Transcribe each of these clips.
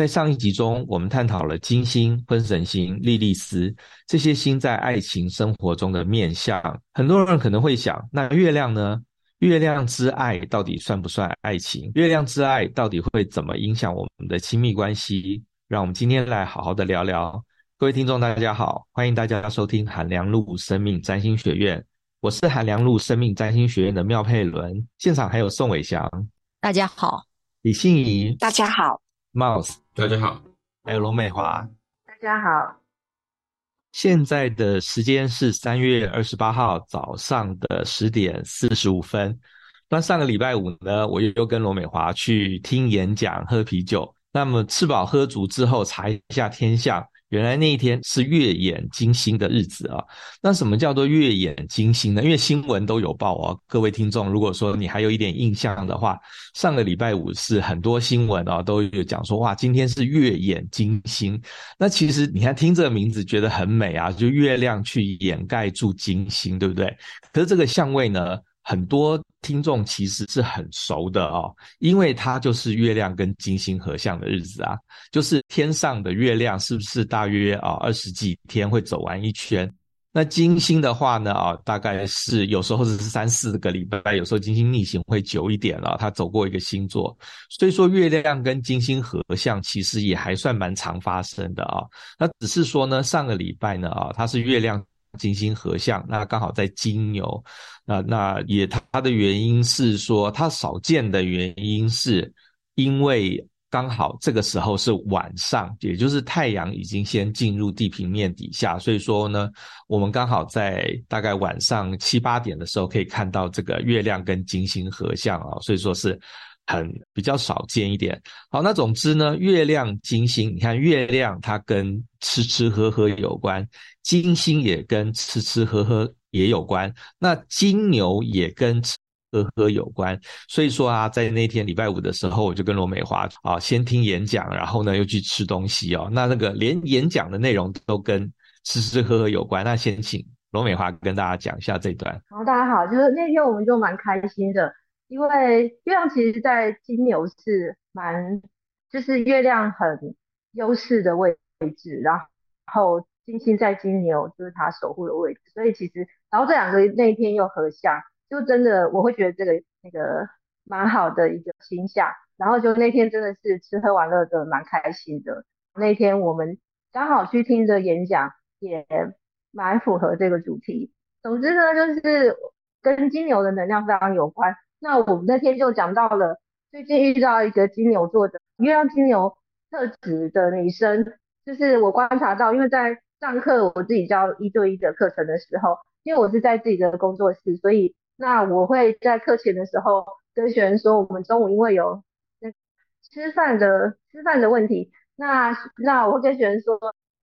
在上一集中，我們探討了金星、婚神星、莉莉絲這些星在愛情生活中的面向。很多人可能會想，那月亮呢？月亮之愛到底算不算愛情？月亮之愛到底會怎麼影響我們的親密關係？讓我們今天來好好的聊聊。各位聽眾，大家好，歡迎大家收聽韓良露生命占星學院，我是韓良露生命占星學院的廖佩倫。現場還有宋偉翔，大家好；李欣怡，大家好；Mouse。大家好，還有羅美華。大家好，現在的時間是三月二十八號早上的十點四十五分。那上個禮拜五呢，我又跟羅美華去聽演講、喝啤酒。那麼吃飽喝足之後，查一下天象。原來那一天是月掩金星的日子啊！那什麼叫做月掩金星呢？因為新聞都有報哦，各位聽眾，如果說你還有一點印象的話，上個禮拜五是很多新聞哦啊都有講說，哇，今天是月掩金星。那其實你看聽這個名字覺得很美啊，就月亮去掩蓋住金星，對不對？可是這個相位呢？很多聽眾其實是很熟的哦，因為它就是月亮跟金星合相的日子啊，就是天上的月亮是不是大約啊二十幾天會走完一圈？那金星的話呢啊、哦，大概是有時候是三四個禮拜，有時候金星逆行會久一點了、哦，它走過一個星座。所以說月亮跟金星合相其實也還算蠻常發生的啊、哦，那只是說呢上個禮拜呢啊、哦、它是月亮。金星合相，那剛好在金牛，那那也它的原因是說它少見的原因是，因為剛好這個時候是晚上，也就是太陽已經先進入地平面底下，所以說呢，我們剛好在大概晚上七八點的時候可以看到這個月亮跟金星合相啊、哦，所以說是。很比較少見一點。好，那總之呢，月亮、金星，你看月亮它跟吃吃喝喝有關，金星也跟吃吃喝喝也有關，那金牛也跟吃喝喝有關。所以說啊，在那天禮拜五的時候，我就跟羅美華啊先聽演講，然後呢又去吃東西哦。那那個連演講的內容都跟吃吃喝喝有關，那先請羅美華跟大家講一下這一段。好，大家好，就是那天我們就蠻開心的。因為月亮其實，在金牛是蠻，就是月亮很優勢的位置，然後金星在金牛就是他守護的位置，所以其實，然後這兩個那一天又合相，就真的我會覺得這個那個蠻好的一個星象，然後就那天真的是吃喝玩樂的蠻開心的，那天我們剛好去聽的演講，也蠻符合這個主題。總之呢，就是跟金牛的能量非常有關。那我們那天就講到了，最近遇到一個金牛座的、月亮金牛特質的女生，就是我觀察到，因為在上課，我自己教一對一的課程的時候，因為我是在自己的工作室，所以那我會在課前的時候跟學員說，我們中午因為有那吃飯的吃飯的問題，那那我會跟學員說，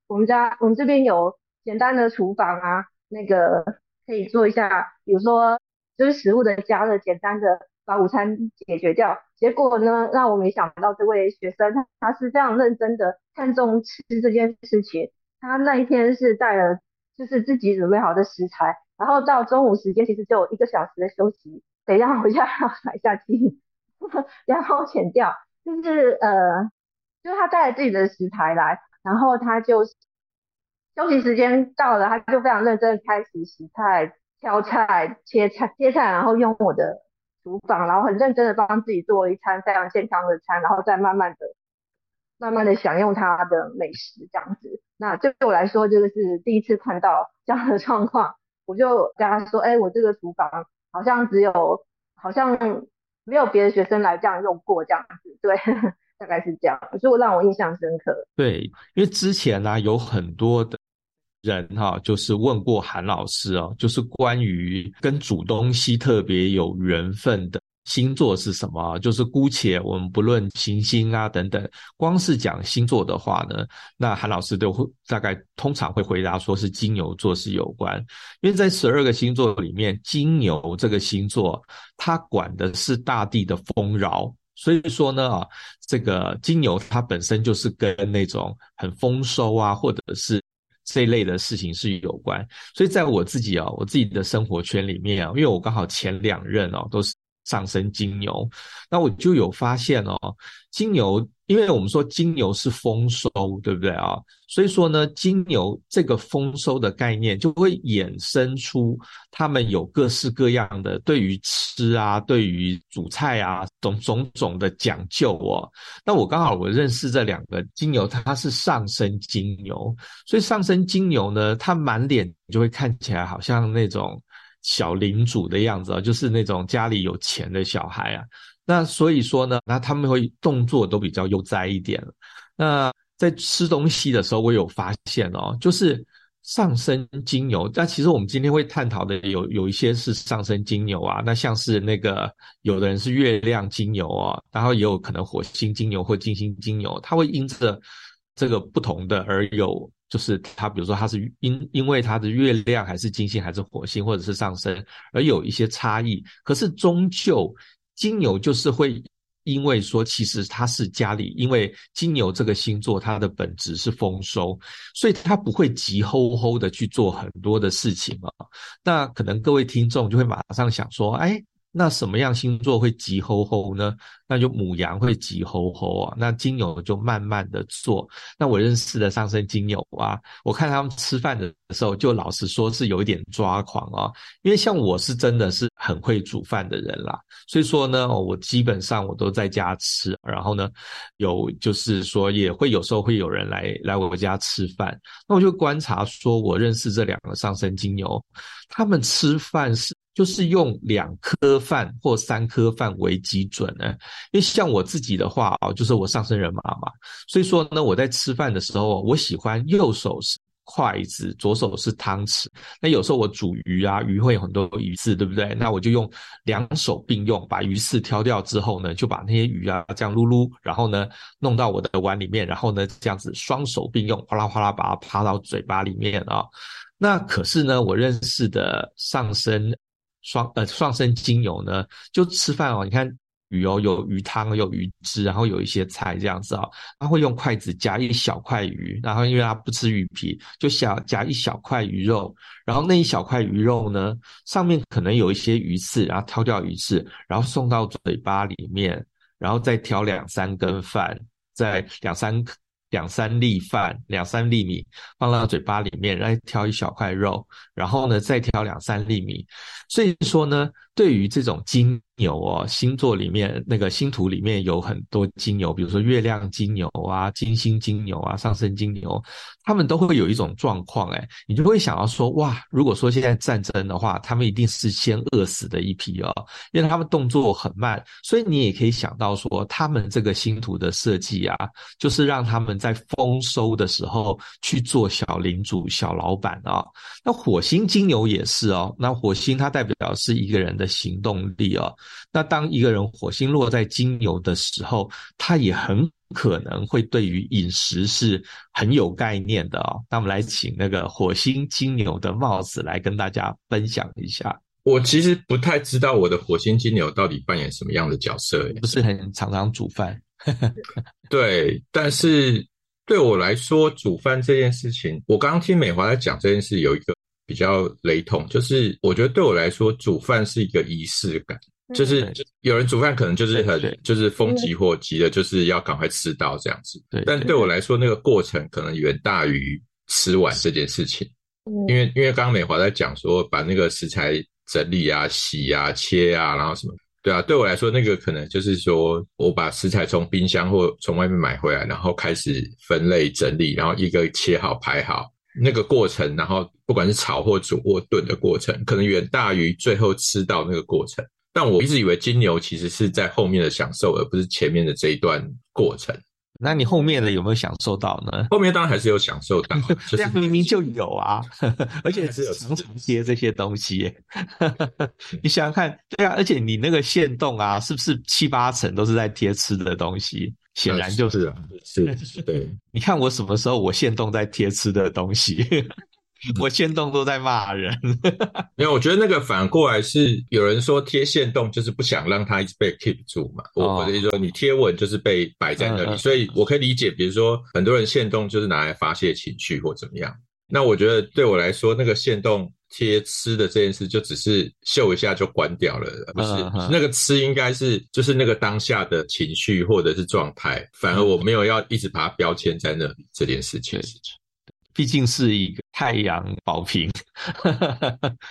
我們家我們這邊有簡單的廚房啊，那個可以做一下，比如說。就是食物的加熱，簡單的把午餐解決掉。結果呢，讓我沒想到，這位學生他是非常認真的看重吃這件事情。他那一天是帶了就是自己準備好的食材，然後到中午時間其實只有一個小時的休息，等一下回家要買下去呵呵，然後切掉。就是呃，就是他帶了自己的食材來，然後他就是休息時間到了，他就非常認真的開始洗菜挑菜、切菜、切菜，然後用我的廚房，然後很認真的幫自己做一餐非常健康的餐，然後再慢慢的、慢慢的享用它的美食這樣子。那對我來說，這、就、個是第一次看到這樣的狀況，我就跟他說：“哎、欸，我這個廚房好像只有，好像沒有別的學生來這樣用過這樣子，對呵呵，大概是這樣。”所以我讓我印象深刻。對，因為之前呢、啊，有很多的。人哈、哦，就是問過韓老師哦，就是關於跟煮東西特別有緣分的星座是什麼？就是姑且我們不論行星啊等等，光是講星座的話呢，那韓老師都會大概通常會回答說是金牛座是有關，因為在十二個星座裡面，金牛這個星座它管的是大地的豐饒，所以說呢啊、哦，這個金牛它本身就是跟那種很豐收啊，或者是。這一類的事情是有關，所以在我自己哦、啊，我自己的生活圈裡面啊，因為我剛好前兩任哦、啊，都是。上升金牛，那我就有發現哦。金牛，因為我們說金牛是豐收，對不對啊？所以說呢，金牛這個豐收的概念，就會衍生出他們有各式各樣的對於吃啊、對於煮菜啊，種種種的講究哦。那我剛好我認識這兩個金牛，它是上升金牛，所以上升金牛呢，他滿臉就會看起來好像那種。小領主的樣子啊、哦，就是那種家裡有錢的小孩啊。那所以說呢，那他們會動作都比較悠哉一點。那在吃東西的時候，我有發現哦，就是上升金牛。那其實我們今天會探討的有有一些是上升金牛啊，那像是那個有的人是月亮金牛啊，然後也有可能火星金牛或金星金牛，它會因着這個不同的而有。就是他，比如說他是因因為他的月亮還是金星還是火星或者是上升而有一些差異，可是終究金牛就是會因為說，其實他是家裡，因為金牛這個星座它的本質是豐收，所以他不會急吼吼的去做很多的事情啊、哦。那可能各位聽眾就會馬上想說，哎。那什麼樣星座會急吼吼呢？那就牡羊會急吼吼啊！那金牛就慢慢的做。那我認識的上升金牛啊，我看他們吃飯的時候，就老實說是有一點抓狂啊。因為像我是真的是很會煮飯的人啦，所以說呢，哦，我基本上我都在家吃。然後呢，有就是說也會有時候會有人來來我家吃飯。那我就觀察說，我認識這兩個上升金牛，他們吃飯是。就是用兩顆飯或三顆飯為基準呢，因為像我自己的話啊、哦，就是我上升人馬嘛，所以說呢，我在吃飯的時候，我喜歡右手是筷子，左手是湯匙。那有時候我煮魚啊，魚會有很多魚刺，對不對？那我就用兩手並用，把魚刺挑掉之後呢，就把那些魚啊這樣擼擼，然後呢弄到我的碗裡面，然後呢這樣子雙手並用，嘩啦嘩啦把它扒到嘴巴裡面啊、哦。那可是呢，我認識的上升。雙呃雙生精油呢，就吃飯哦。你看魚哦，有魚湯，有魚汁，然後有一些菜這樣子啊、哦。他會用筷子夾一小塊魚，然後因為他不吃魚皮，就小夾一小塊魚肉。然後那一小塊魚肉呢，上面可能有一些魚刺，然後挑掉魚刺，然後送到嘴巴裡面，然後再挑兩三根飯，再兩三。兩三粒飯，兩三粒米，放到嘴巴裡面，然後挑一小塊肉，然後呢再挑兩三粒米，所以說呢。對於這種金牛哦，星座裡面那個星圖裡面有很多金牛，比如說月亮金牛啊、金星金牛啊、上升金牛，他們都會有一種狀況，哎，誒，你就會想到說，哇，如果說現在戰爭的話，他們一定是先餓死的一批哦，因為他們動作很慢，所以你也可以想到說，他們這個星圖的設計啊，就是讓他們在豐收的時候去做小領主、小老闆啊、哦。那火星金牛也是哦，那火星它代表是一個人的。行動力哦，那當一個人火星落在金牛的時候，他也很可能會對於飲食是很有概念的哦。那我們來請那個火星金牛的帽子來跟大家分享一下。我其實不太知道我的火星金牛到底扮演什麼樣的角色，不是很常常煮飯。 對，但是對我來說，煮飯這件事情，我剛剛聽美華在講這件事，有一個。比較雷同，就是我覺得對我來說，煮飯是一個儀式感、嗯。就是有人煮飯可能就是很、嗯、就是風急火急的，就是要趕快吃到這樣子。嗯、但對我來說，那個過程可能遠大於吃完這件事情。嗯、因為因為剛剛美華在講說，把那個食材整理啊、洗啊、切啊，然後什麼，對啊。對我來說，那個可能就是說我把食材從冰箱或從外面買回來，然後開始分類整理，然後一個切好排好。那個過程，然後不管是炒或煮或燉的過程，可能遠大於最後吃到那個過程。但我一直以為金牛其實是在後面的享受，而不是前面的這一段過程。那你後面的有沒有享受到呢？後面當然還是有享受到， 這樣明明就有啊！就是、有 而且只有常常貼這些東西， 你想想看，對啊，而且你那個限動啊，是不是七八成都是在貼吃的東西？顯然就是、嗯、是，是，是，對，你看我什麼時候我限動在貼吃的東西， 我限動都在罵人，因、嗯、為 我覺得那個反過來是有人說，貼限動就是不想讓他一直被 keep 住嘛，我我的意思說你貼文就是被擺在那裡，哦，所以我可以理解，比如說很多人限動就是拿來發洩情緒或怎麼樣，那我覺得對我來說那個限動。貼吃的這件事就只是秀一下就關掉了，不是，啊啊啊不是那個吃應該是就是那個當下的情緒或者是狀態，反而我沒有要一直把它標籤在那裡、嗯、這件事情，畢竟是一個。太陽寶瓶，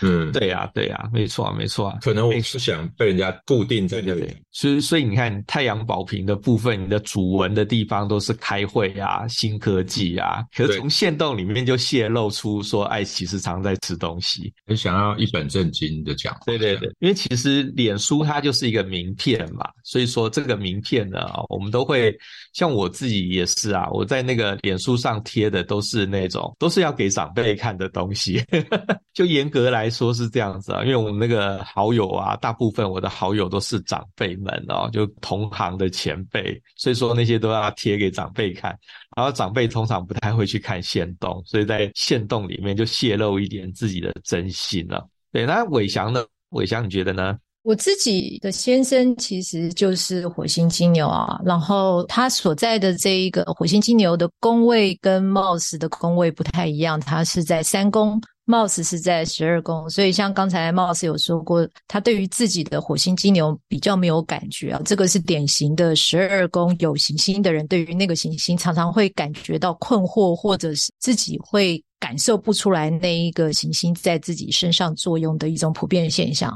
嗯對、啊，對呀，對呀，沒錯啊，沒錯啊。可能我是想被人家固定在那裡。對對對。所以，所以你看，太陽寶瓶的部分，你的主文的地方都是開會啊、新科技啊，可是從限動裡面就洩露出說，哎，其實常在吃東西。你想要一本正經的講。對對對，因為其實臉書它就是一個名片嘛，所以說這個名片呢，我們都會像我自己也是啊，我在那個臉書上貼的都是那種，都是要給長輩看的東西， 就嚴格來說是這樣子啊，因為我們那個好友啊，大部分我的好友都是長輩們哦、喔，就同行的前輩，所以說那些都要貼給長輩看，然後長輩通常不太會去看限動，所以在限動裡面就洩露一點自己的真心了、喔。對，那偉翔呢？偉翔你覺得呢？我自己的先生其實就是火星金牛啊，然後他所在的這一個火星金牛的宮位跟 Mouse 的宮位不太一樣，他是在三宮，Mouse 是在十二宮，所以像剛才 Mouse 有說過，他對於自己的火星金牛比較沒有感覺啊，這個是典型的十二宮有行星的人，對於那個行星常常會感覺到困惑，或者是自己會。感受不出來那一個行星在自己身上作用的一種普遍現象。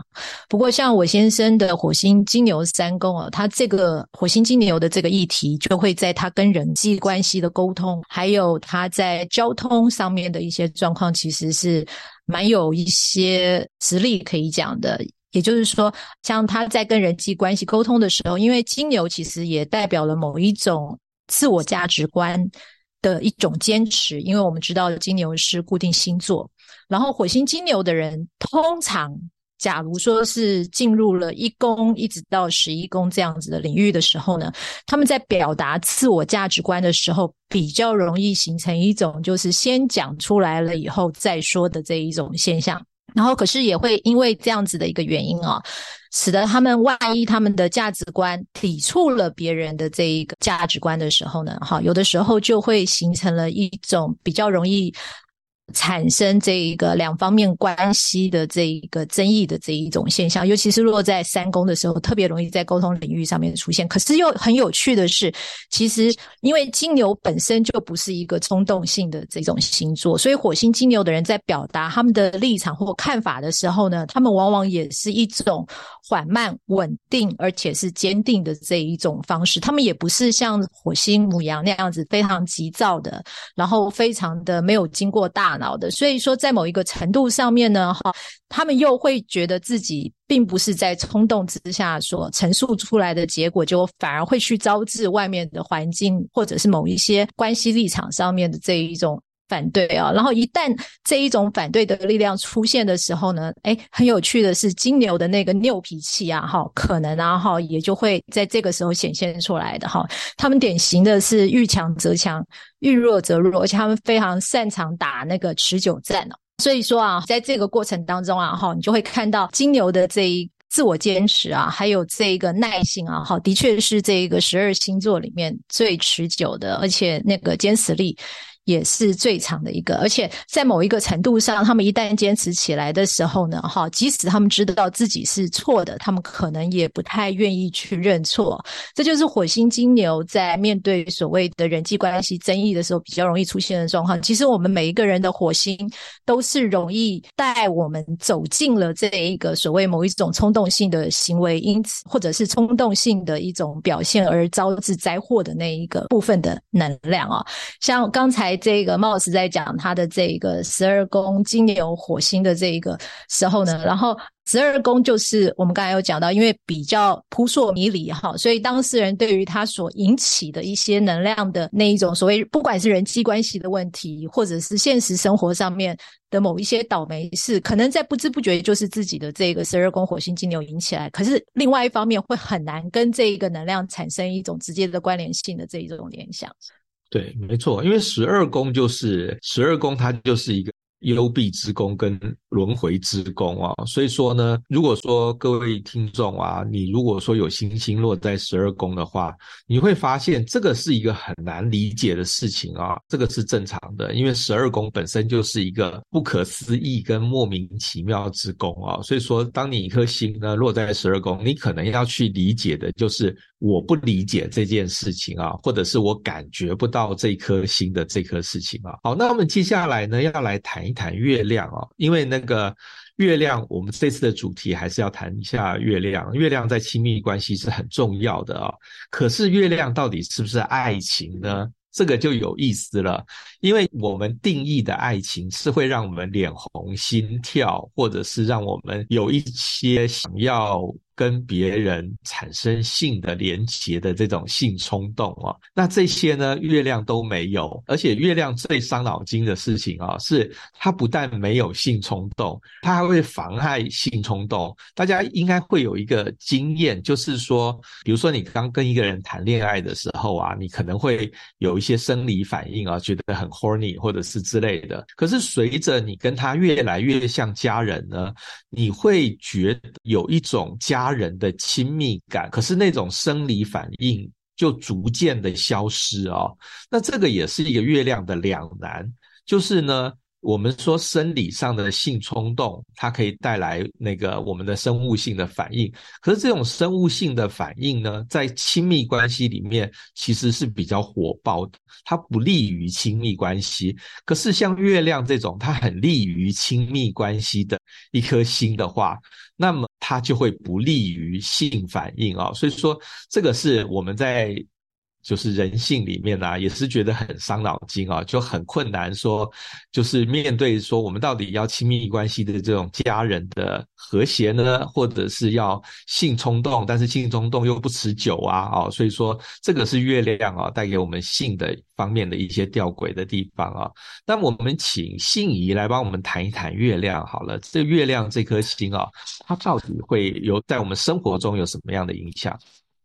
不過，像我先生的火星金牛三宮啊，他這個火星金牛的這個議題，就會在他跟人際關係的溝通，還有他在交通上面的一些狀況，其實是蠻有一些實例可以講的。也就是說，像他在跟人際關係溝通的時候，因為金牛其實也代表了某一種自我價值觀的一種堅持，因為我們知道金牛是固定星座，然後火星金牛的人通常，假如說是進入了一宮一直到十一宮這樣子的領域的時候呢，他們在表達自我價值觀的時候，比較容易形成一種就是先講出來了以後再說的這一種現象。然後，可是也會因為這樣子的一個原因哦，使得他們萬一他們的價值觀抵觸了別人的這一個價值觀的時候呢，哈，有的時候就會形成了一種比較容易產生這一個兩方面關係的這一個爭議的這一種現象，尤其是落在三宮的時候，特別容易在溝通領域上面出現。可是又很有趣的是，其實因為金牛本身就不是一個衝動性的這種星座，所以火星金牛的人在表達他們的立場或看法的時候呢，他們往往也是一種緩慢、穩定而且是堅定的這一種方式。他們也不是像火星牡羊那樣子非常急躁的，然後非常的沒有經過大腦的，所以說在某一個程度上面呢，哈，他們又會覺得自己並不是在衝動之下所陳述出來的結果，就反而會去招致外面的環境，或者是某一些關係立場上面的這一種。反對啊，然後一旦這一種反對的力量出現的時候呢，哎，很有趣的是金牛的那個拗脾氣啊，哈、哦，可能啊，哈、哦，也就會在這個時候顯現出來的哈、哦。他們典型的是遇強則強，遇弱則弱，而且他們非常擅長打那個持久戰。所以說啊，在這個過程當中啊，哈、哦，你就會看到金牛的這一自我堅持啊，還有這一個耐性啊，哈、哦，的確是這一個十二星座裡面最持久的，而且那個堅持力。也是最長的一個，而且在某一個程度上，他們一旦堅持起來的時候呢，哈，即使他們知道自己是錯的，他們可能也不太願意去認錯。這就是火星金牛在面對所謂的人際關係爭議的時候比較容易出現的狀況。其實，我們每一個人的火星都是容易帶我們走進了這一個所謂某一種衝動性的行為因，因此或者是衝動性的一種表現而招致災禍的那一個部分的能量啊，像剛才。這個貌似在講他的這個十二宮金牛火星的這個時候呢，然後十二宮就是我們剛才有講到，因為比較撲朔迷離哈，所以當事人對於他所引起的一些能量的那一種所謂，不管是人際關係的問題，或者是現實生活上面的某一些倒霉事，可能在不知不覺就是自己的這個十二宮火星金牛引起來。可是另外一方面會很難跟這一個能量產生一種直接的關聯性的這一種聯想。對，沒錯，因為十二宮就是十二宮，它就是一個幽閉之宮跟輪迴之宮啊。所以說呢，如果說各位聽眾啊，你如果說有星星落在十二宮的話，你會發現這個是一個很難理解的事情啊。這個是正常的，因為十二宮本身就是一個不可思議跟莫名其妙之宮啊。所以說，當你一顆星呢落在十二宮，你可能要去理解的就是。我不理解這件事情啊，或者是我感覺不到這顆星的這顆事情啊。好，那我們接下來呢，要來談一談月亮啊，因為那個月亮，我們這次的主題還是要談一下月亮。月亮在親密關係是很重要的啊，可是月亮到底是不是愛情呢？這個就有意思了，因為我們定義的愛情是會讓我們臉紅心跳，或者是讓我們有一些想要。跟別人產生性的連結的這種性衝動啊，那這些呢，月亮都沒有。而且月亮最傷腦筋的事情啊，是它不但沒有性衝動，它還會妨害性衝動。大家應該會有一個經驗，就是說，比如說你剛跟一個人談戀愛的時候啊，你可能會有一些生理反應啊，覺得很 horny 或者是之類的。可是隨着你跟他越來越像家人呢，你會覺得有一種家。人的親密感，可是那種生理反應就逐漸的消失哦。那這個也是一個月亮的兩難，就是呢，我們說生理上的性衝動，它可以帶來那個我們的生物性的反應，可是這種生物性的反應呢，在親密關係裡面其實是比較火爆的，它不利於親密關係。可是像月亮這種，它很利於親密關係的一顆星的話，那麼。它就會不利於性反應啊、哦，所以說這個是我們在。就是人性裡面啊，也是覺得很傷腦筋啊、哦，就很困難說。說就是面對說，我們到底要親密關係的這種家人的和諧呢，或者是要性衝動，但是性衝動又不持久啊，哦，所以說這個是月亮啊、哦，帶給我們性的方面的一些吊詭的地方啊、哦。那我們請信儀來幫我們談一談月亮好了。這個、月亮這顆星啊、哦，它到底會有在我們生活中有什麼樣的影響？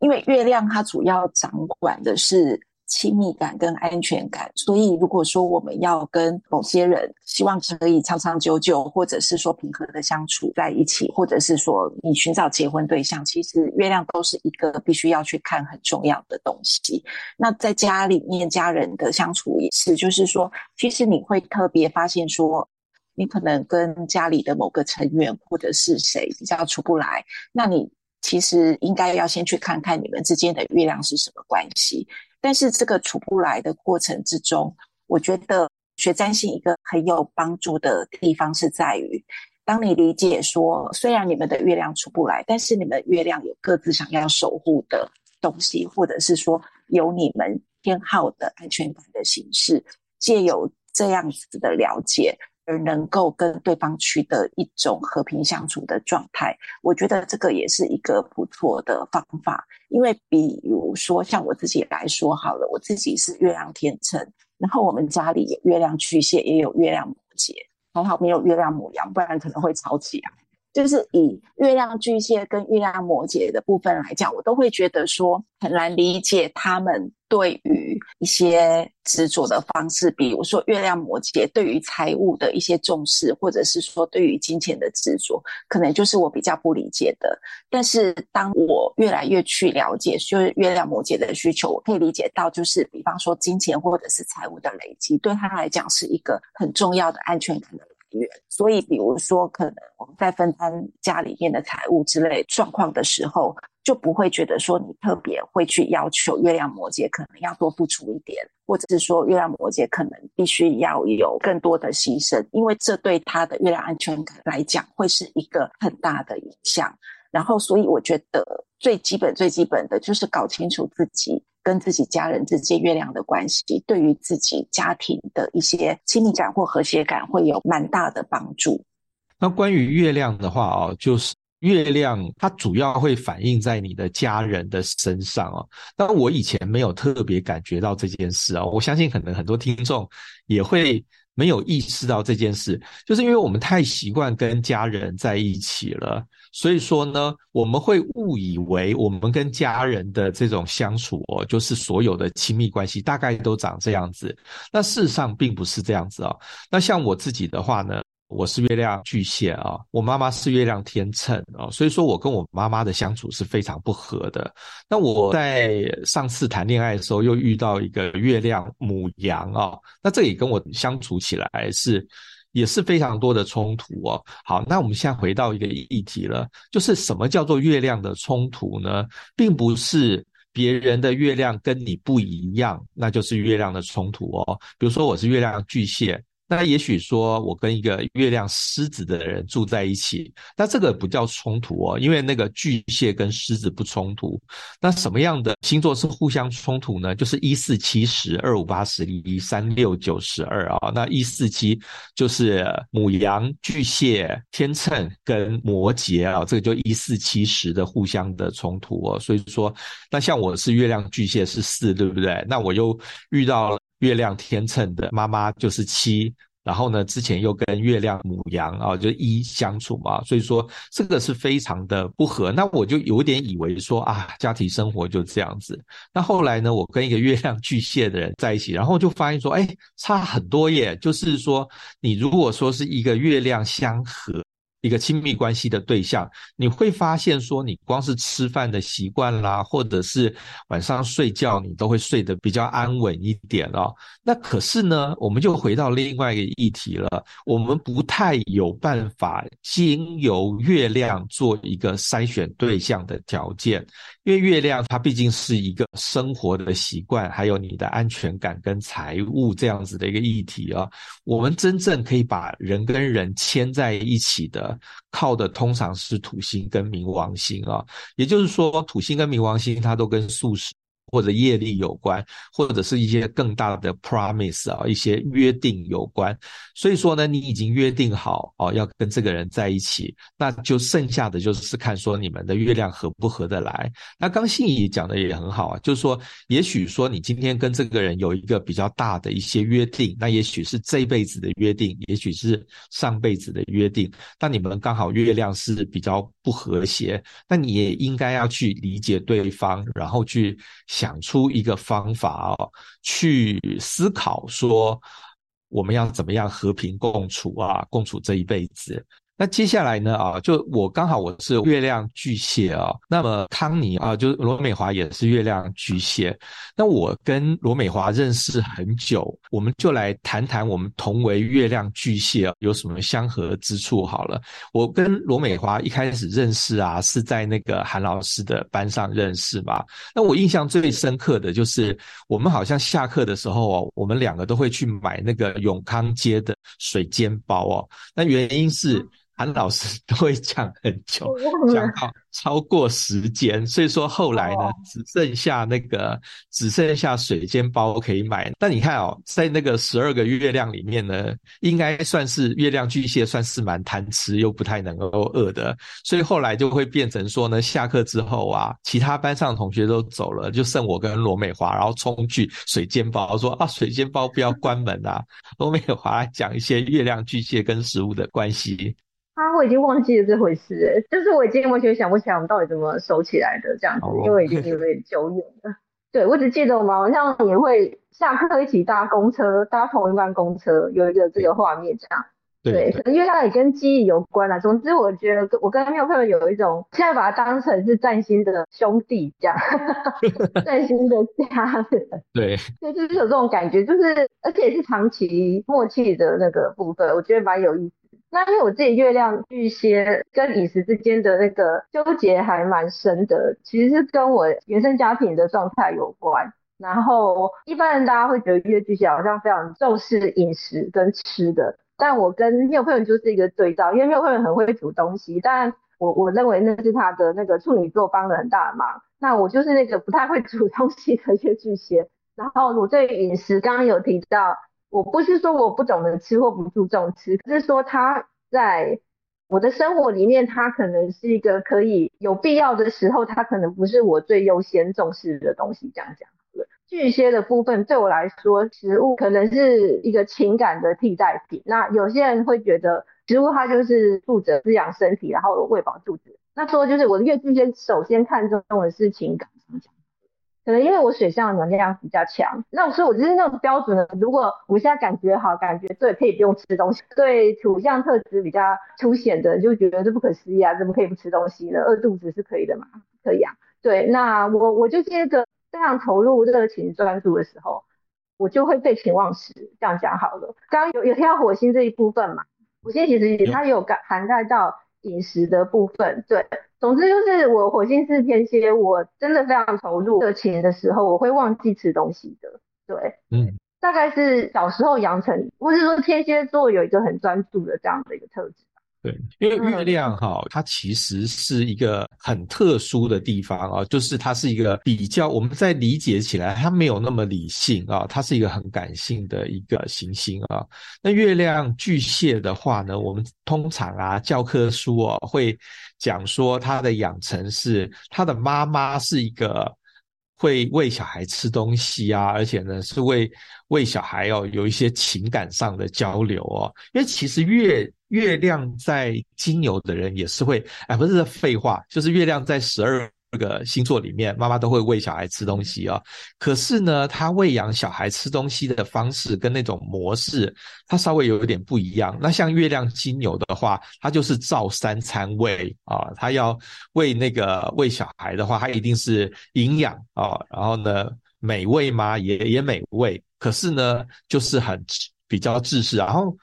因為月亮它主要掌管的是親密感跟安全感，所以如果說我們要跟某些人希望可以長長久久，或者是說平和的相處在一起，或者是說你尋找結婚對象，其實月亮都是一個必須要去看很重要的東西。那在家裡面家人的相處也是，就是說其實你會特別發現說，你可能跟家裡的某個成員或者是誰比較出不來，那你。其實應該要先去看看你們之間的月亮是什麼關係，但是這個處不來的過程之中，我覺得學占星一個很有幫助的地方是在於，當你理解說，雖然你們的月亮處不來，但是你們月亮有各自想要守護的東西，或者是說有你們偏好的安全感的形式，藉由這樣子的了解。而能夠跟對方取得一種和平相處的狀態，我覺得這個也是一個不錯的方法。因為比如說，像我自己來說好了，我自己是月亮天秤，然後我們家裡有月亮巨蟹，也有月亮摩羯，還好沒有月亮牡羊，不然可能會吵起來。就是以月亮巨蟹跟月亮摩羯的部分來講，我都會覺得說很難理解他們對於一些執着的方式，比如說月亮摩羯對於財務的一些重視，或者是說對於金錢的執着，可能就是我比較不理解的。但是當我越來越去了解，就是月亮摩羯的需求，我可以理解到，就是比方說金錢或者是財務的累積，對他來講是一個很重要的安全感的。所以，比如說，可能我們在分擔家裡面的財務之類狀況的時候，就不會覺得說你特別會去要求月亮摩羯可能要多付出一點，或者是說月亮摩羯可能必須要有更多的犧牲，因為這對他的月亮安全感來講會是一個很大的影響。然後，所以我覺得最基本、最基本的就是搞清楚自己。跟自己家人之間月亮的關係，對於自己家庭的一些親密感或和諧感會有蠻大的幫助。那關於月亮的話啊、哦，就是月亮它主要會反映在你的家人的身上啊、哦。但我以前沒有特別感覺到這件事啊、哦，我相信可能很多聽眾也會。沒有意識到這件事，就是因為我們太習慣跟家人在一起了，所以說呢，我們會誤以為我們跟家人的這種相處哦，就是所有的親密關係大概都長這樣子。那事實上並不是這樣子哦。那像我自己的話呢，我是月亮巨蟹啊、哦，我媽媽是月亮天秤啊、哦，所以說我跟我媽媽的相處是非常不合的。那我在上次談戀愛的時候，又遇到一個月亮牡羊啊、哦，那這也跟我相處起來是也是非常多的衝突哦。好，那我們現在回到一個議題了，就是什麼叫做月亮的衝突呢？並不是別人的月亮跟你不一樣，那就是月亮的衝突哦。比如說我是月亮巨蟹。那也許說，我跟一個月亮獅子的人住在一起，那這個不叫衝突哦，因為那個巨蟹跟獅子不衝突。那什麼樣的星座是互相衝突呢？就是一四七十二五八十一三六九十二啊。那一四七就是牡羊、巨蟹、天秤跟摩羯啊、哦，這個就一四七十的互相的衝突哦。所以說，那像我是月亮巨蟹是四，對不對？那我又遇到了。月亮天秤的媽媽就是七，然後呢，之前又跟月亮牡羊啊、哦，就是一相處嘛，所以說這個是非常的不合。那我就有點以為說啊，家庭生活就這樣子。那後來呢，我跟一個月亮巨蟹的人在一起，然後就發現說，哎，差很多耶。就是說，你如果說是一個月亮相合。一個親密關係的對象，你會發現說，你光是吃飯的習慣啦，或者是晚上睡覺，你都會睡得比較安穩一點哦。那可是呢，我們就回到另外一個議題了，我們不太有辦法經由月亮做一個篩選對象的條件，因為月亮它畢竟是一個生活的習慣，還有你的安全感跟財務這樣子的一個議題啊、哦。我們真正可以把人跟人牽在一起的。靠的通常是土星跟冥王星啊，也就是說，土星跟冥王星它都跟速食，或者業力有關，或者是一些更大的 promise 啊，哦，一些約定有關。所以說呢，你已經約定好哦，要跟這個人在一起，那就剩下的就是看說你們的月亮合不合得來。那剛信儀講的也很好啊，就是說，也許說你今天跟這個人有一個比較大的一些約定，那也許是這輩子的約定，也許是上輩子的約定。那你們剛好月亮是比較不和諧，那你也應該要去理解對方，然後去想。想出一個方法哦，去思考說我們要怎麼樣和平共處啊，共處這一輩子。那接下來呢？啊，就我剛好我是月亮巨蟹啊、哦。那麼康尼啊，就是羅美華也是月亮巨蟹。那我跟羅美華認識很久，我們就來談談我們同為月亮巨蟹有什麼相合之處好了。我跟羅美華一開始認識啊，是在那個韓老師的班上認識嘛。那我印象最深刻的就是，我們好像下課的時候、啊，我們兩個都會去買那個永康街的。水煎包哦，那原因是。韓老師都會講很久，講到超過時間，所以說後來呢，只剩下那個，只剩下水煎包可以買。但你看哦，在那個十二個月亮裡面呢，應該算是月亮巨蟹，算是蠻貪吃又不太能夠餓的，所以後來就會變成說呢，下課之後啊，其他班上的同學都走了，就剩我跟羅美華，然後衝去水煎包，說啊，水煎包不要關門啊！羅美華講一些月亮巨蟹跟食物的關係。他、啊、我已經忘記了這回事，就是我已經完全想不起來我們到底怎麼熟起來的這樣子，因為已經有點久遠了。對，我只記得我們好像也會下課一起搭公車，搭同一班公車，有一個這個畫面這樣。對，可能因為他也跟記憶有關啊，總之我覺得我跟妙妙有一種現在把它當成是占星的兄弟這樣，占 星的家人對。對，就是有這種感覺，就是而且也是長期默契的那個部分，我覺得蠻有意思。那因為我自己月亮巨蟹跟飲食之間的那個糾結還蠻深的，其實是跟我原生家庭的狀態有關。然後一般人大家會覺得月巨蟹好像非常重視飲食跟吃的，但我跟女朋友就是一個對照，因為女朋友很會煮東西，但我我認為那是她的那個處女座幫了很大的忙。那我就是那個不太會煮東西的月巨蟹。然後我對飲食剛剛有提到。我不是說我不懂得吃或不注重吃，只是說他在我的生活裡面，他可能是一個可以有必要的時候，他可能不是我最優先重視的東西。這樣講好了。巨蟹的部分對我來說，食物可能是一個情感的替代品。那有些人會覺得食物它就是負責滋養身體，然後餵飽肚子。那說就是我的月巨蟹首先看重的是情感。可能因為我水象的能量比較強，那所以我就是那種標準呢。如果我現在感覺好，感覺所以可以不用吃東西，對土象特質比較凸顯的，就覺得這不可思議啊，怎麼可以不吃東西呢？餓肚子是可以的嘛？可以啊。對，那我我就接着這樣投入這個情專注的時候，我就會廢寢忘食。這樣講好了，剛剛有有提到火星這一部分嘛？火星其實它有涵蓋到飲食的部分，對。總之就是我火星是天蠍，我真的非常投入熱情的時候，我會忘記吃東西的。對，嗯，大概是小時候養成，不是說天蠍座有一個很專注的這樣的一個特質。對，因為月亮哈、哦，它其實是一個很特殊的地方啊、哦，就是它是一個比較，我們在理解起來，它沒有那麼理性啊、哦，它是一個很感性的一個行星啊、哦。那月亮巨蟹的話呢，我們通常啊，教科書哦，會講說它的養成是，它的媽媽是一個，會餵小孩吃東西啊，而且呢是餵餵小孩哦，有一些情感上的交流哦。因為其實月月亮在金牛的人也是會，哎，不是這廢話，就是月亮在十二。這個星座裡面，媽媽都會餵小孩吃東西啊。可是呢，她餵養小孩吃東西的方式跟那種模式，她稍微有有點不一樣。那像月亮金牛的話，她就是照三餐餵啊，她要餵那個餵小孩的話，她一定是營養啊。然後呢，美味嘛？也也美味。可是呢，就是很比較自私。然後，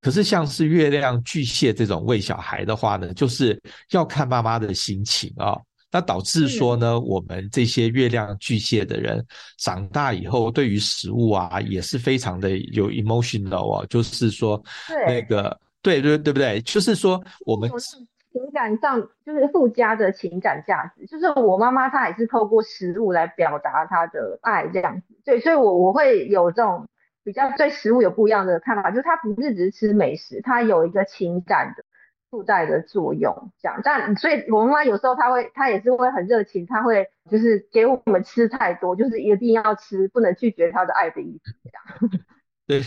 可是像是月亮巨蟹這種餵小孩的話呢，就是要看媽媽的心情啊。那導致說呢，我們這些月亮巨蟹的人長大以後，對於食物啊，也是非常的有 emotional 哦、啊，就是說，那個，對那個，對對對不對？就是說，我們情感上就是附加的情感價值，就是我媽媽她也是透過食物來表達她的愛這樣子。對，所以我我會有這種比較對食物有不一樣的看法，就是她不是只是吃美食，她有一個情感的。附帶的作用，這樣，但所以，我媽媽有時候她會，她也是會很熱情，她會就是給我們吃太多，就是一定要吃，不能拒絕她的愛的意思，這樣。對，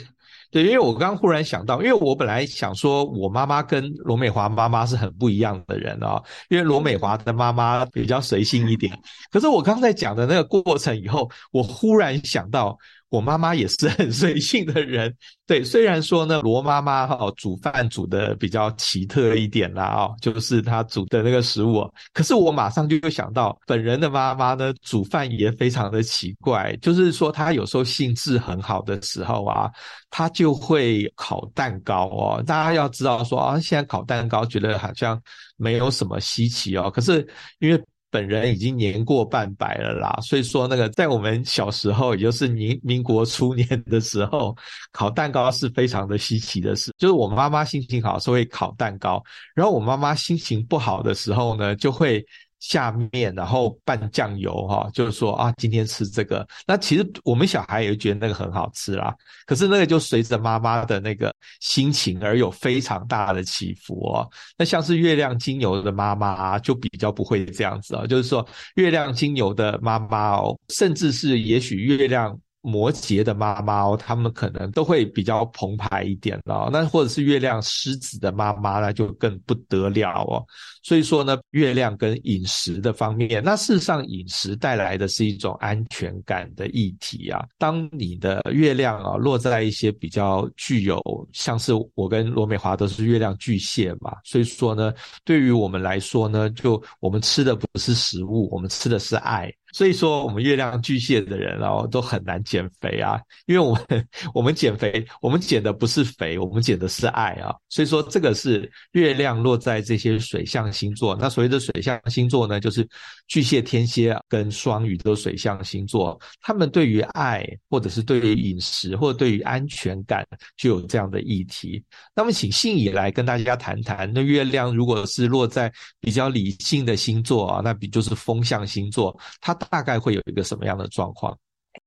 對，因為我剛忽然想到，因為我本來想說我媽媽跟羅美華媽媽是很不一樣的人啊、哦。因為羅美華的媽媽比較隨性一點，可是我剛才講的那個過程以後，我忽然想到。我媽媽也是很隨性的人，對，雖然說呢，羅媽媽哈、哦、煮飯煮的比較奇特一點啦、啊，哦，就是她煮的那個食物，可是我馬上就又想到本人的媽媽呢，煮飯也非常的奇怪，就是說她有時候興致很好的時候啊，她就會烤蛋糕哦。大家要知道說啊，現在烤蛋糕覺得好像沒有什麼稀奇哦，可是因為。本人已經年過半百了啦，所以說那個在我們小時候，也就是民民國初年的時候，烤蛋糕是非常的稀奇的事。就是我媽媽心情好是會烤蛋糕，然後我媽媽心情不好的時候呢，就會。下麵然後拌醬油哈、哦，就是說啊，今天吃這個。那其實我們小孩也覺得那個很好吃啦。可是那個就隨着媽媽的那個心情而有非常大的起伏哦。那像是月亮金牛的媽媽就比較不會這樣子啊、哦，就是說月亮金牛的媽媽哦，甚至是也許月亮。摩羯的媽媽哦，她們可能都會比較澎湃一點哦，那或者是月亮獅子的媽媽呢，就更不得了哦。所以說呢，月亮跟飲食的方面，那事實上飲食帶來的是一種安全感的議題啊。當你的月亮啊落在一些比較具有，像是我跟羅美華都是月亮巨蟹嘛，所以說呢，對於我們來說呢，就我們吃的不是食物，我們吃的是愛。所以說，我們月亮巨蟹的人哦，都很難減肥啊，因為我們我們減肥，我們減的不是肥，我們減的是愛啊。所以說，這個是月亮落在這些水象星座。那所謂的水象星座呢，就是巨蟹、天蠍跟雙魚都水象星座，他們對於愛，或者是對於飲食，或者對於安全感，就有這樣的議題。那麼，請信儀來跟大家談談。那月亮如果是落在比較理性的星座啊，那比就是風象星座，它。大概會有一個什麼樣的狀況？